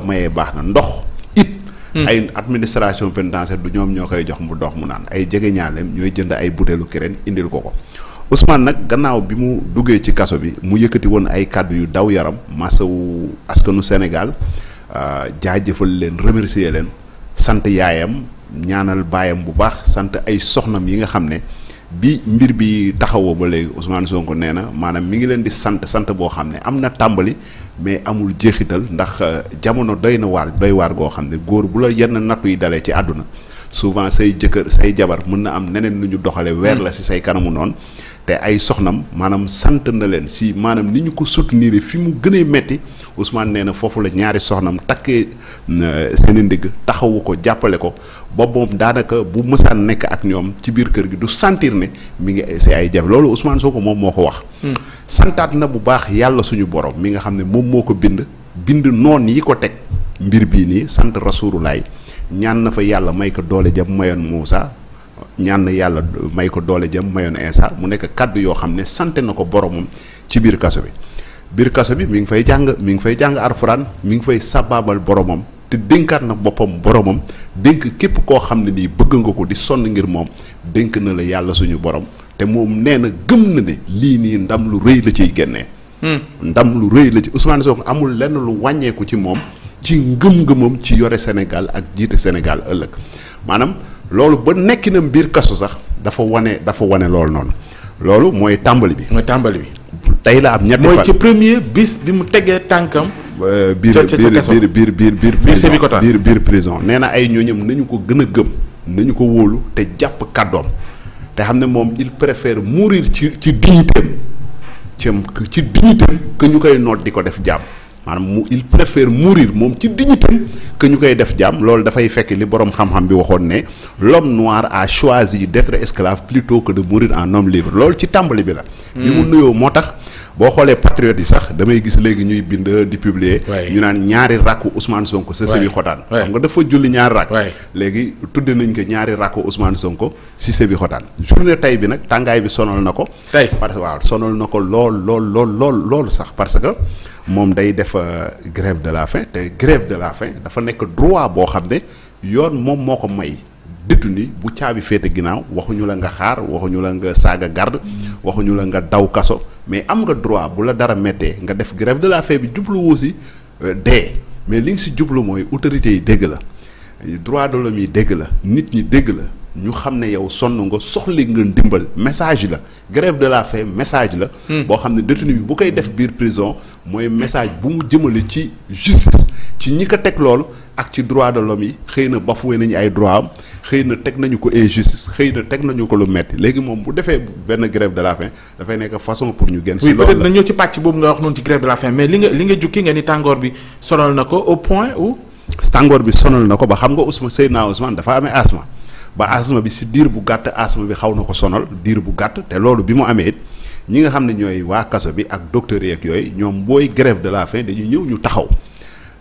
ko mayee baax na ndox it hmm. ay administration pénitentiaire du ñoom ñoo koy jox mu dox mu naan ay jege ñaaleem ñooy jënd ay butéelu kereen indil ko ko Ousmane nag gannaaw bi mu duggee ci kaso bi mu yëkkati woon ay kàddu yu daw yaram wu askanu Sénégal euh, jaajëfal leen remercier leen sant yaayam ñaanal baayam bu baax sant ay soxnam yi nga xam ne bi mbir bi taxawoo ba léegi Ousmane Sonko nee na maanaam mi ngi leen di sant sant boo xam ne am na tàmbali mais amul jeexital ndax euh, jamono doy na waar doy waar goo xam ne góor bu la yenn nattu yi dalee ci àdduna souvent say jëkkër say jabar mën na am neneen nu ñu doxale weer la si say kanamu noon te ay soxnam maanaam sant na leen si maanaam ni ñu ko soutenir fi mu gënee metti Ousmane nee na foofu la ñaari soxnam takkee euh, seen ndigg taxawu ko jàppale ko boobu moom daanaka bu mësaan nekk ak ñoom ci biir kër gi du sentir ne mi ngi si ay jafe loolu soo ko moom moo ko wax. Hmm. santaat na bu baax yàlla suñu borom mi nga xam ne moom moo ko bind bind noon yi ko teg mbir bii nii sant Rasulullah ñaan na fa yàlla may ko doole jëm mayoon Moussa. ñaan na yàlla may ko doole jëm mayoon insa mu nekk kàddu yoo xam ne sante na ko boromam ci biir kaso bi biir kaso bi mi ngi fay jàng mi ngi fay jàng arfuraan mi ngi fay sabaabal boromam te dénkaat na boppam boromam dénk képp koo xam ne nii bëgg nga ko di sonn ngir moom dénk na la yàlla suñu borom te moom nee na gëm na ne lii nii ndam lu rëy la ciy génnee. Hmm. ndam lu rëy la ci Ousmane Sonko amul lenn lu wàññeeku ci moom ci ngëm-ngëmam ci yore Sénégal ak jiite Sénégal ëllëg maanaam loolu ba nekkinam biir kasu sax dafa wane dafa wane loolu noonu loolu mooy tàmbali bi. mooy tàmbali bi. tey la am ñetti fan mooy ci premier bis bi mu tegee tànkam. Euh, biir biir biir biir biir biir biir prison nee na ay ñooñam nañu ko gën a gëm nañu ko wóolu te jàpp kàddoom te xam ne moom il préfère mourir ci ci dignitéem ci dignitéem que ñu koy noot di ko def jàmm maanaam mu il préfère mourir moom ci dignitéem que ñu koy def jàmm loolu dafay fekk li boroom xam-xam bi waxoon ne l'homme noir a choisi d'être esclave plutôt que de mourir en homme libre loolu ci tàmbali bi la bi mu nuyoo moo tax boo xoolee patriotes yi sax damay gis léegi ñuy bind di publier ñu naan ñaari rakku Ousmane Sonko sa Sëbi Xotaan xam nga fa julli ñaari rakk léegi tudde nañ ko ñaari rakku Ousmane Sonko si Sëbi Xotaan journée tey bi nag tàngaay bi sonal na ko tey parce que waaw sonal na ko lool lool lool lool loolu sax parce que moom day def euh, grève de la fin te grève de la faim dafa nekk droit boo xam ne yoon moom moo ko may détenu bu caabi féete ginnaaw waxuñu la nga xaar waxuñu la nga saaga garde waxuñu la nga daw kaso mais am nga droit bu la dara méttee nga def grève de la faim bi jubluwoo si euh, dee mais li nga si jublu mooy autorités yi dégg la droit de l'homme dégg la nit ñi dégg la ñu xam ne yow sonn nga soxli nga ndimbal message la grève de la faim message la hmm. boo xam ne détenu bi bu koy def biir prison mooy message bu mu jëmale ci justice ci ñi ko teg lool ak ci droit de l'homme yi xëy na we nañu ay droit am xëy na teg nañu ko injustice xëy na teg nañu ko lu metti léegi moom bu defee benn grève de la faim dafay nekk façon pour ñu génn. si loolu la oui peut boobu nga wax noonu ci grève nga li nga jukki nga ni tàngoor bi sonal na ko au point tàngoor bi sonal na ko ba xam nga Ousmane Seydina Ousmane dafa amee asma ba asma bi si diir bu gàtt asma bi xaw na ko sonal diir bu gàtt te loolu bi mu amee it ñi nga xam ne ñooy waa kaso bi ak docteur yeeg yooyu ñoom booy grève de la faim dañuy ñëw ñu taxaw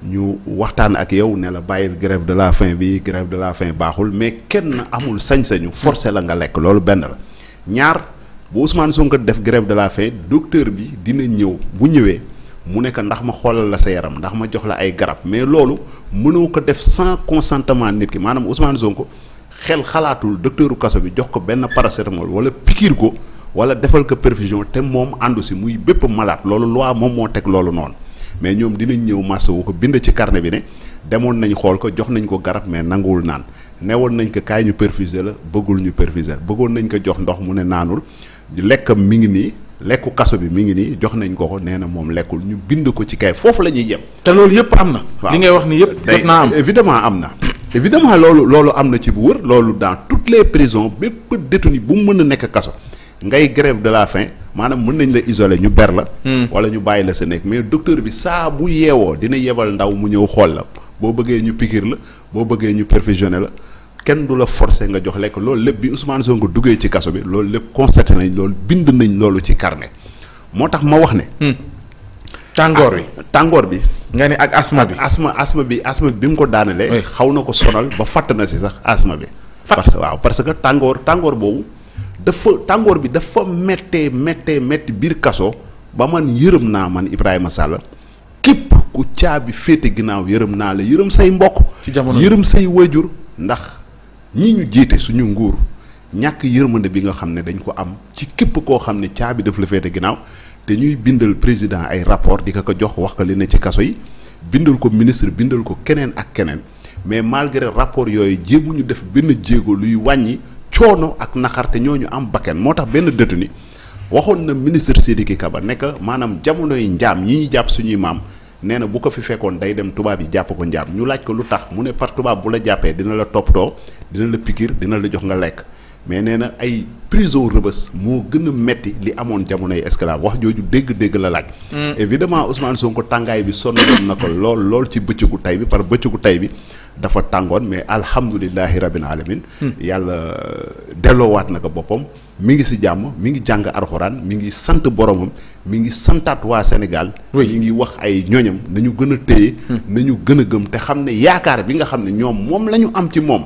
ñu waxtaan ak yow ne la bàyyil grève de la fin bi grève de la fin baaxul mais kenn amul sañ-sañu forcé la nga lekk loolu benn la ñaar bu Ousmane Sonko def grève de la faim docteur bi dina ñëw bu ñëwee mu nekk ndax ma xoolal la sa yaram ndax ma jox la ay garab mais loolu mënoo ko def sans consentement nit ki maanaam Ousmane Sonko xel xalaatul docteuru kaso bi jox ko benn paracétamol wala pikiir ko wala defal ko perfusion te moom àndu si muy bépp malade loolu loi moom moo teg loolu noonu mais ñoom dinañ ñëw massa wu ko bind ci karne bi ne demoon nañ xool ko jox nañ ko garab mais nanguwul naan newoon nañ ko kaay ñu perfuser la bëggul ñu perfuser bëggoon nañ ko jox ndox mu ne naanul lekkam mi ngi nii lekku kaso bi mi ngi nii jox nañ ko ko nee na moom lekkul ñu bind ko ci kay foofu la ñuy yem. te loolu yëpp am na. waaw li ngay wax ni yëpp jot naa am évidemment am na. évidement loolu loolu am na ci bu loolu dans toutes les prisons bépp détenu bu mu mën nekk kaso ngay grève de la faim. maanaam mën nañ la isoler ñu ber la. Hmm. wala ñu bàyyi la sa nekk mais docteur bi saa bu yeewoo dina yebal ndaw mu ñëw xool la boo bëggee ñu piqûre la boo bëggee ñu perfusionné la. kenn du la forcé nga jox lekk loolu lépp bi Ousmane nga duggee ci kaso bi loolu lépp constaté nañ loolu bind nañ loolu ci carnet moo tax ma wax ne. Hmm. tàngoor bi ah, tàngoor bi. nga ne ak asma bi asma asma bi asma bi bi mu ko daanalee. xaw na ko sonal ba fàtt na si sax asma bi. fàtt waaw parce que tàngoor tàngoor boobu. dafa tàngoor bi dafa mette méttee métti biir kaso ba man yërëm naa man Ibrahima Sall képp ku caabi féete ginnaaw yërëm naa la yërëm say mbokk ci jamono yërëm say wajur ndax ñi ñu jiite suñu nguur ñàkk yërmande bi nga xam ne dañ ko am ci képp koo xam ne caabi daf la féete ginnaaw te ñuy bindal président ay rapport di ko ko jox wax ko li ne ci kaso yi bindal ko ministre bindal ko keneen ak keneen mais malgré rapport yooyu jéemuñu def benn jéego luy wàññi coono ak naxar te ñooñu am bakken moo tax benn ni waxoon na ministre Sidiki Kaba nekk maanaam jamonoy njaam yi ñuy jàpp suñuy maam nee na bu ko fi fekkoon day dem tubaab yi jàpp ko njaam ñu laaj ko lu tax mu ne par tubaab bu la jàppee dina la toppatoo dina la pikir dina la jox nga lekk mais nee na ay prison rëbës moo gën a metti li amoon jamonoy esclave wax jooju dégg-dégg la laaj. Mm. évidemment Ousmane ko tàngaay bi sonn na ko lool lool ci bëccëgu tey bi par bëccëgu tey bi. dafa tàngoon mais alhamdulilahi rabbil alamin yàlla euh, delloowaat na ko boppam mi ngi si jàmm mi ngi jàng arxuraan mi ngi sant boromam mi ngi santaat waa Sénégal mi ngi wax ay ñoñam nañu gën a téye hmm. nañu gën a gëm te xam ne yaakaar bi nga xam ne ñoom moom la ñu am ci moom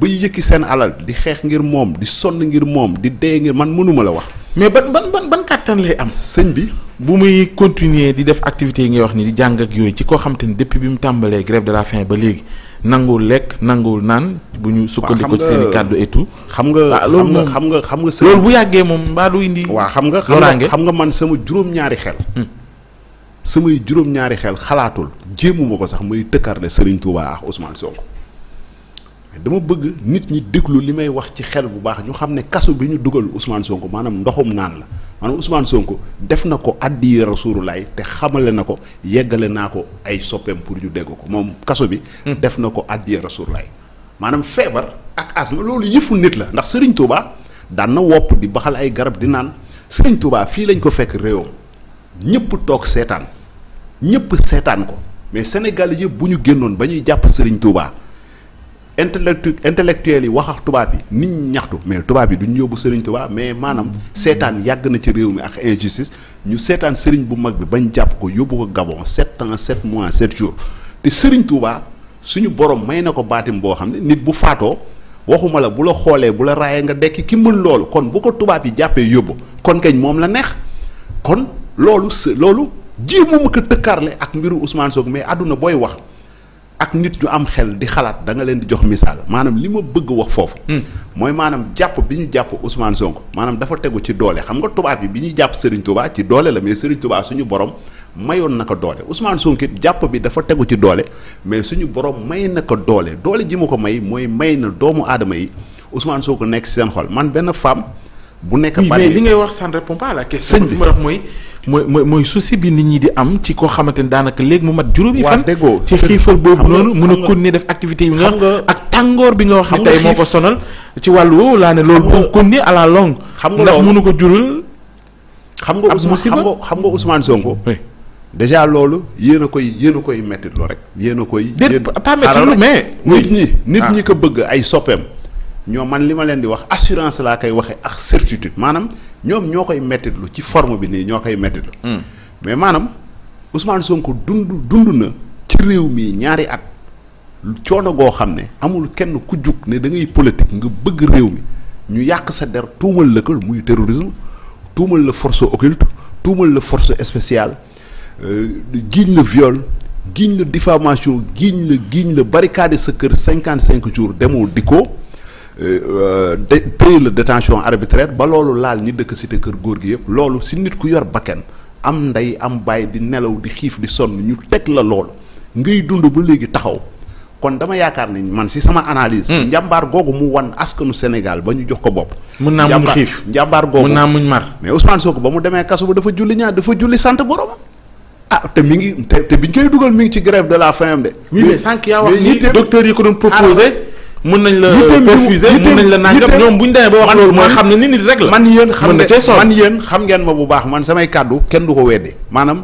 ba yëkki seen alal di xeex ngir moom di sonn ngir moom di dee ngir man mënuma la wax mais ban ban ban ban kàttan lay am sëñ bi bu muy continuer di def activités yi ngay wax ni di jàng yooyu ci koo xam te ni bi mu tàmbalee grève de la faim ba léegi nanguwul lekk nanguwul naan bu ñu sukkandikoo ci seen kàddu et xam nga xam nga xam nga së loolu bu yàggee moom mbaa du indi waaw xam nga xam nga man sama juróom-ñaari xel hmm. samay juróom-ñaari xel xalaatul jéemuma ko sax muy tëkkarle Serigne Touba ak Ousmane Sonko dama bëgg nit ñi déglu li may wax ci xel bu baax ñu xam ne kaso bi ñu dugal usmaan Sonko maanaam ndoxum naan la maanaam Ousmane Sonko def na ko addi suurulaay te xamale na ko yeggale naa ko ay soppeem pour ñu dégg ko moom kaso bi. Hmm. def na ko addi Rasulullah maanaam feebar ak asma loolu yëfu nit la ndax Serigne Touba daan na wopp di baxal ay garab di naan Serigne Touba fii lañ ko fekk réewam ñëpp toog seetaan ñëpp seetaan ko mais Sénégal yëpp bu ñu génnoon ba ñuy jàpp Serigne Touba. intellectu intellectuel yi wax ak tubaab yi nit ñi ñaxtu mais tubaab yi duñ yóbbu sëriñ tubaab mais maanaam seetaan yàgg na ci réew mi ak injustice ñu seetaan sëriñ bu mag bi bañ jàpp ko yóbbu ko Gabon sept ans sept mois sept jours te sëriñ Touba suñu borom may na ko baatim boo xam ne nit bu faatoo waxuma la bu la xoolee bu la raayee nga dekki ki mën loolu kon bu ko tubaab yi jàppee yóbbu kon kañ moom la neex kon loolu s loolu jéem a ko tëkkaarle ak mbiru Ousmane Sonko mais àdduna booy wax. ak nit ñu am xel di xalaat da nga leen di jox misaal maanaam li ma bëgg wax foofu. Hmm. mooy maanaam jàpp bi ñu jàpp Ousmane Sonko maanaam dafa tegu ci doole xam nga tubaab yi bi ñuy jàpp Serigne Touba ci doole la mais Serigne Touba suñu borom mayoon na doole Ousmane Sonko it jàpp bi dafa tegu ci doole mais suñu borom may na ko doole doole ji ma ko may mooy may na doomu aadama yi soo ko nekk seen xol man benn femme. bu nekk Paris mais li ngay wax ça ne sëñ bi li mooy. mooy mooy mooy souci bi nit ñi di am ci koo xamante ni daanaka léegi mu mat juróomi fan ci xiifal boobu noonu mun a ni def activité yi nga ak tàngoor bi nga wax ne tey moo sonal ci wàllu woowu laa ne loolu boo continuer à la longue xam nga ndax mënu ko jural xam nga xam nga xam nga Ousmane Sonko déjà loolu yéen a koy yéen koy mettitlu rek yéen a koy déet pas mettitlu mais nit ñi nit ñi ah. ko bëgg ay soppeem ñoom man li ma leen di wax assurance laa koy waxee ak certitude maanaam ñoom ñoo koy mettitlu ci forme bi nii ñoo koy mettitlu hmm. mais maanaam Ousmane Sonko dund dund na ci réew mi ñaari at coono goo xam ne amul kenn ku jug ne da ngay politique nga bëgg réew mi ñu yàq sa der tuumal la ko muy terrorisme tuumal la force occulte tuumal la force spéciale euh, giiñ la viol giiñ la diffamation giiñ la giiñ la barricade sa kër cinquante cinq jours demoo dikkoo Euh, euh, pays la détention arbitraire ba loolu laal ñi dëkk si te kër góor gi yëpp loolu si nit ku yor bakken am ndey am bàyyi di nelaw di xiif di sonn ñu teg la loolu ngay dund ba léegi taxaw kon dama yaakaar ne man si sama analyse. Hmm. njàmbaar googu mu wan askanu Sénégal ba ñu jox ko bopp. mun naa muñ xiif njàmbaar googu mun naa muñ mar. mais Ousmane ko ba mu demee kaso ba dafa julli ñaar dafa julli sant borom. ah te mu ngi te te biñ dugal mu ngi ci grève de la faim de. oui mais sànq yi ko doon ah, proposé. mën nañ la perfuser mën nañ la nangam ñoom bu ñu demee ba wax loolu mooy xam ne ni nit rek la man yéen xam ngeen ma bu baax man samay kàddu kenn du ko weddi maanaam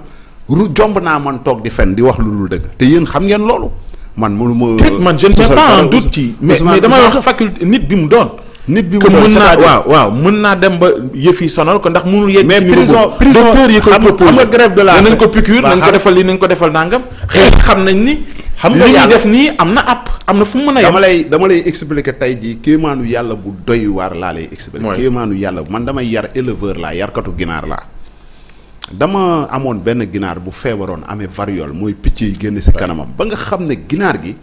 ru jomb naa man toog di fen di wax lu dul dëgg te yéen xam ngeen loolu man munu ma man je ne mets pas en doute ci mais damay wax faculté nit bi mu doon nit bi mu mën naa waaw waaw mën naa dem ba yëf yi sonal ko ndax mënul yegg mais prison prison docteur yi koy proposé xam nga grève de la nañ ko piqûre nañ ko defal li nañ ko defal nangam xeet xam nañ ni xam nga yàlla li def nii am na app am na fu mu mën a. dama lay dama lay expliquer tey jii kéemaanu yàlla bu doy waar laa lay expliquer. mooy kéemaanu yàlla man damay yar éleveur laa yarkatu ginaar laa. dama amoon benn ginaar bu feebaroon amee variole mooy picc yi génn si kanamam ba nga xam ne ginaar gi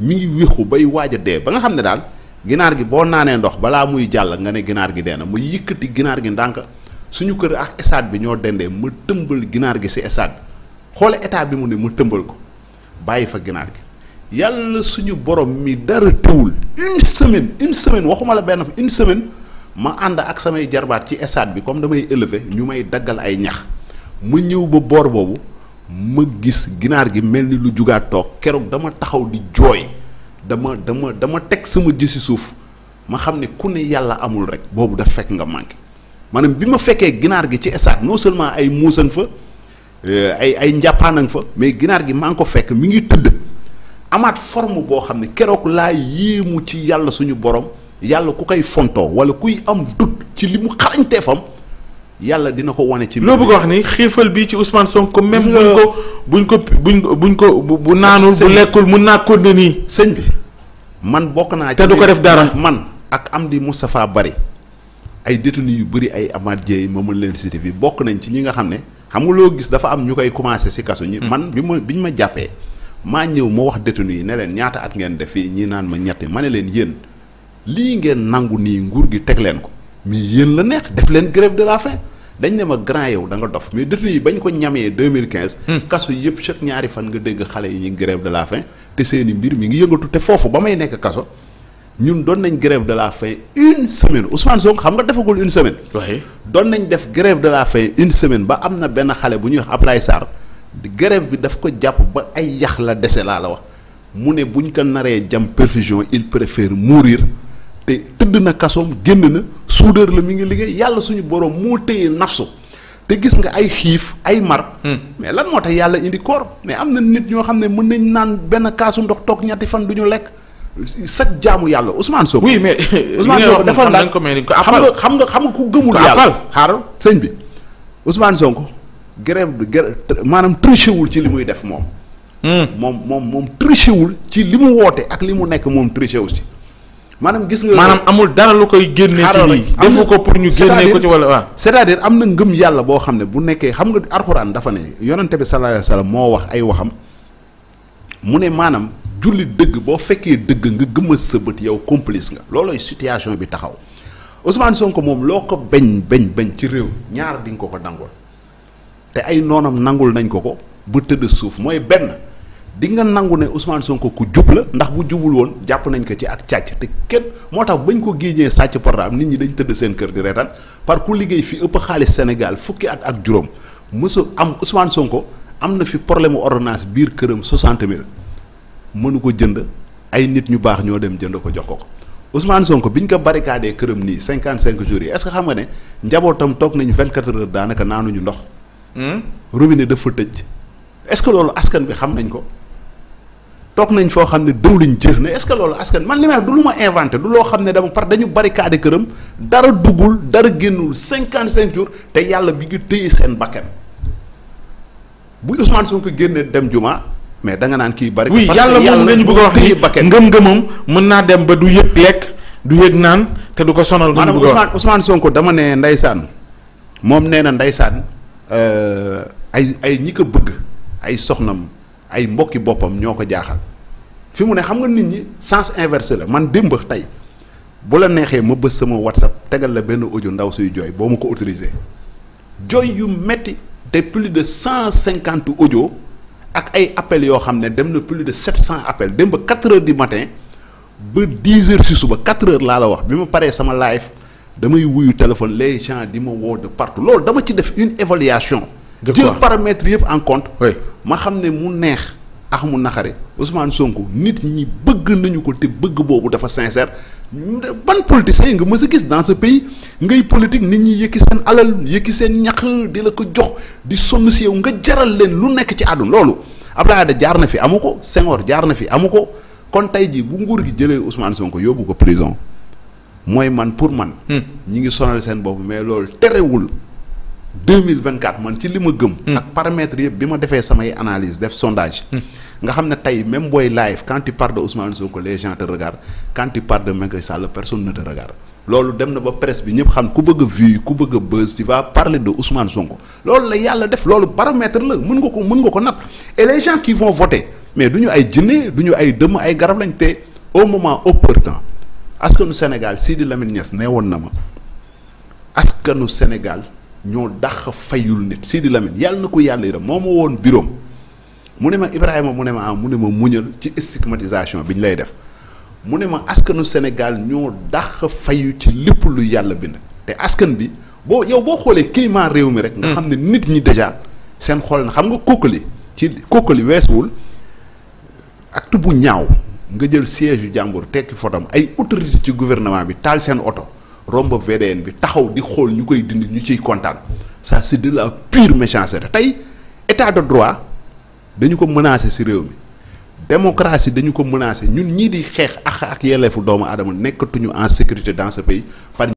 mi ngi wéexu bay waaj a dee ba nga xam ne daal ginaar gi boo naanee ndox balaa muy jàll nga ne ginaar gi dee na ma yëkkati ginaar gi ndànk suñu kër ak stade bi ñoo dendee ma tëmbal ginaar gi si stade xoole état bi mu ne ma tëmbal ko. bàyyi fa ginaar gi yàlla suñu borom mi dara teewul une semaine une semaine waxuma la benn fa une semaine ma ànd ak samay jarbaat ci estade bi comme damay élever ñu may daggal ay ñax ma ñëw ba boor boobu ma gis ginaar gi mel ni lu jugaat toog keroog dama taxaw di jooy dama dama dama teg sama jësi suuf ma xam ni ku ne yàlla amul rek boobu daf fekk nga manqué maanaam bi ma fekkee ginaar gi ci estade non seulement ay muus fa Euh, ay ay njàppaanang fa mais ginaar gi maa ngi ko fekk mu ngi tëdd amaat forme boo xam ne keroog laa yéemu ci yàlla suñu borom yàlla ku koy fontoo wala kuy am dut ci li mu xarañtee yàlla dina ko wane ci. loo bëgg wax ni xiifal bii ci Ousmane Sonko même buñ ko buñ ko buñ buñ ko bu naanu bu lekkul mun naa ko ne nii. sëñ bi man bokk naa. te du ko def dara man ak am Amdi Moustapha Bari ay détenus yu bari ay amaat Dieye ma mën leen cité bi bokk nañ ci ñi nga xam ne. xamuloo gis dafa am ñu koy commencé si kaso ñi hmm. man bi ma bi ñu ma jàppee maa ñëw ma wax détenu yi ne leen ñaata at ngeen def fii ñi naan ma ñetti ma ne leen yéen lii ngeen nangu nii nguur gi teg leen ko mais yéen la neex def leen grève de la faim dañ ne ma grand yow da nga dof mais détenu yi bañ ko ñamee 2015 hmm. kaso yëpp chaque ñaari fan nga dégg xale yi ñu grève de la faim te seeni mbir mi ngi yëngatu te foofu ba may nekk kaso ñun doon nañ grève de la faim une semaine Ousmane Sonko xam nga defagul une semaine. waaye doon nañ def grève de la faim une semaine ba am na benn xale bu ñuy wax Ablaye Sarr grève bi daf ko jàpp ba ay yax la dese laa la wax mu ne buñ ko naree jam perfusion il préfère mourir te tëdd na kasoom génn na soudeur la mi ngi liggéey yàlla suñu borom moo téye nafsu te gis nga ay xiif ay mar. Hmm. mais lan moo tax yàlla indi koor mais am na nit ñoo xam ne mën nañ naan benn kaasu ndox toog ñetti fan du ñu lekk. sag jaamu yàlla Ousmane Sonko. oui mais Ousmane euh, Sonko defal naa ko mais xam nga xam nga xam nga ku gëmul yàlla xaaral sëñ bi Ousmane Sonko grève de grève maanaam triché wul ci li muy def moom. Hmm. moom moom moom triché wul ci li mu woote ak li mu nekk moom triché wu ci. maanaam gis nga maanaam amul dara lu koy génne ci lii defu ko pour ñu génne ko ci wala waaw c'est-à-dire am na ngëm yàlla boo xam ne bu nekkee xam nga alxuraan dafa ne yonente bi sallallahu alayhi moo wax ay waxam mu ne maanaam jullit dëgg boo fekkee dëgg nga gëmma sa bët yow complice nga loolooy situation bi taxaw Ousmane Sonko moom loo ko bañ bañ bañ ci réew ñaar di nga ko ko nangul te ay noonam nangul nañ ko ko ba tëdd suuf mooy benn di nga nangu ne Ousmane Sonko ku jub la ndax bu jubul woon jàpp nañ ko ci ak càcc te kenn moo tax bañ ko géejee sàcc portable nit ñi dañ tëdd seen kër di reetaan par ku liggéey fi ëpp xaalis Sénégal fukki at ak juróom mësu am Ousmane Sonko am na fi problème ordonnance biir këram 60 mille mënu ko jënd ay nit ñu baax ñoo dem jënd ko jox ko ko Ousmane Sonko biñ ko barricadé këram nii cinquante cinq jours yi est-ce xam nga ne njabootam toog nañ vingt quatre heures daanaka ñu ndox. Hmm? robinet dafa tëj. est-ce que loolu askan bi xam nañ ko toog nañ foo xam ne diwliñ jeex ne est-ce que loolu askan man li ma du lu ma inventé du loo xam ne dama par dañu barricadé këram dara duggul dara génnul cinquante cinq jours te yàlla bi ngi téye seen bakkan bu Ousmane Sonko dem juma. mais danga naan kii bari. oui yàlla moom la ñu bëgg a wax nii nga ngëmam mën naa dem ba du yëg lekk du yëg naan te du ko sonal. lu mu bëgg a wax maanaam Ousmane Sonko dama ne ndaysaan moom nee na ndeysaan euh, ay ay ñi ko bëgg ay soxnam ay mbokki boppam ñoo ko jaaxal fi mu ne xam nga nit ñi sens inverse la man démb tey bu la neexee ma bës sama whatsapp tegal la benn audio ndaw suy jooy boo mu ko autorisé jooy yu metti te plus de cent cinquante audio ak ay appels yoo xam ne dem na plus de 700 appels dem ba 4 heures du matin ba 10 heures si suba 4 heures laa la wax bi ma paree sama live damay wuyu téléphone les gens di ma woo de partout loolu dama ci def une évaluation. jël paramètres yëpp en compte. ma xam ne mu neex. ax mu naxare Ousmane Sonko nit ñi bëgg nañu ko te bëgg boobu dafa sincère. ban politicien nga ma a gis dans ce pays ngay politique nit ñi yëkki seen alal yëkki seen ñax di la ko jox di sonn si yow nga jaral leen lu nekk ci àdduna loolu Abdoulaye Wade jaar na fi amu ko Senghor jaar na fi amu ko kon tey jii bu nguur gi jëlee Ousmane Sonko yóbbu ko prison mooy man pour man. Hmm. ñi ngi sonal seen bopp mais loolu terewul. deux mille vingt quatre man ci li ma gëm. Hmm. ak paramètres yëpp bi ma defee samay analyse def sondage. Hmm. nga xam ne tey même booy live quand tu parles de Ousmane Sonko les gens te regardent quand tu parles de Macky Sall personne te regarde loolu dem na ba presse bi ñëpp xam ku bëgg a ku bëgg a buzz tu vas parler de Ousmane Sonko loolu la yàlla def loolu paramètre la mën nga ko mën nga ko nat et les gens qui vont voter mais du ñu ay jinne du ñu ay dëmm ay garab lañ te au moment opportun askanu Sénégal Sidi Lamine Niass nee woon na ma askanu Sénégal. ñoo dax fayul nit Sidi Lamine yàlla na ko yàlla yi yërëm moo ma woon biroom mu ne ma Ibrahima mu ne ma ah mu ne ma muñal ci stigmatisation bi ñu lay def mu ne ma askanu Sénégal ñoo dax fayu ci lépp lu yàlla bind te askan bi boo yow boo xoolee climat réew mi rek. nga xam ne hmm. nit ñi déjà seen xool na xam nga kookali ci kookali weesuwul acte bu ñaaw nga jël siège yu jàmbur tekki fotam ay autorité ci gouvernement bi taal seen oto. romb VDN bi taxaw di xool ñu koy dind ñu ciy kontaan ça si de la pure rek tey état de droit dañu ko menacer ci réew mi démocratie dañu ko menacer ñun ñii di xeex ak ak yelleefu doomu aadama nekkatuñu en sécurité dans ce pays